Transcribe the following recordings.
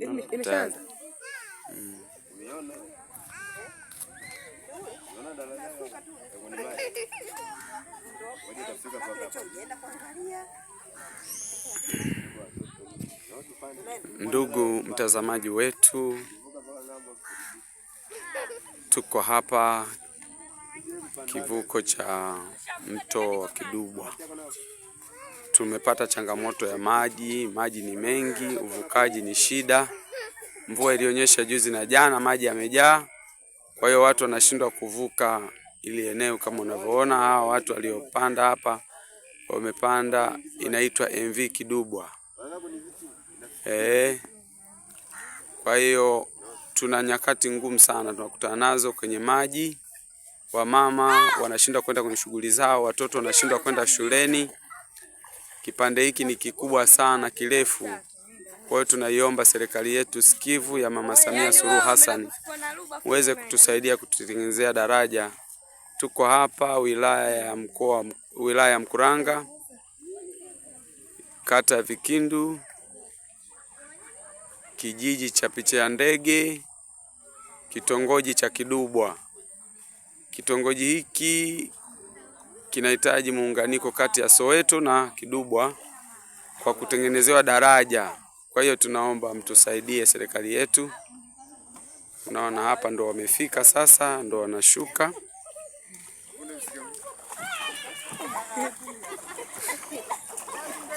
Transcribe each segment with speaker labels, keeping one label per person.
Speaker 1: imeshaanza Ndugu mtazamaji wetu, tuko hapa kivuko cha mto wa Kidubwa tumepata changamoto ya maji, maji ni mengi, uvukaji ni shida. Mvua ilionyesha juzi na jana, maji yamejaa, kwa hiyo watu wanashindwa kuvuka ili eneo. Kama unavyoona hawa watu waliopanda hapa wamepanda, inaitwa MV Kidubwa eh. Kwa hiyo tuna nyakati ngumu sana tunakutana nazo kwenye maji, wamama wanashindwa kwenda kwenye shughuli zao, watoto wanashindwa kwenda shuleni. Kipande hiki ni kikubwa sana, kirefu. Kwa hiyo tunaiomba serikali yetu sikivu ya Mama Samia Suluhu Hassan uweze kutusaidia kututengenezea daraja. Tuko hapa wilaya ya mkoa, wilaya ya Mkuranga, kata ya Vikindu, kijiji cha Picha ya Ndege, kitongoji cha Kidubwa. Kitongoji hiki kinahitaji muunganiko kati ya Soweto na Kidubwa kwa kutengenezewa daraja. Kwa hiyo tunaomba mtusaidie serikali yetu. Unaona hapa ndo wamefika sasa, ndo wanashuka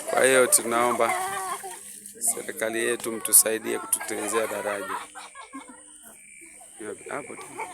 Speaker 1: kwa hiyo tunaomba serikali yetu mtusaidie kututengenezea daraja hapo.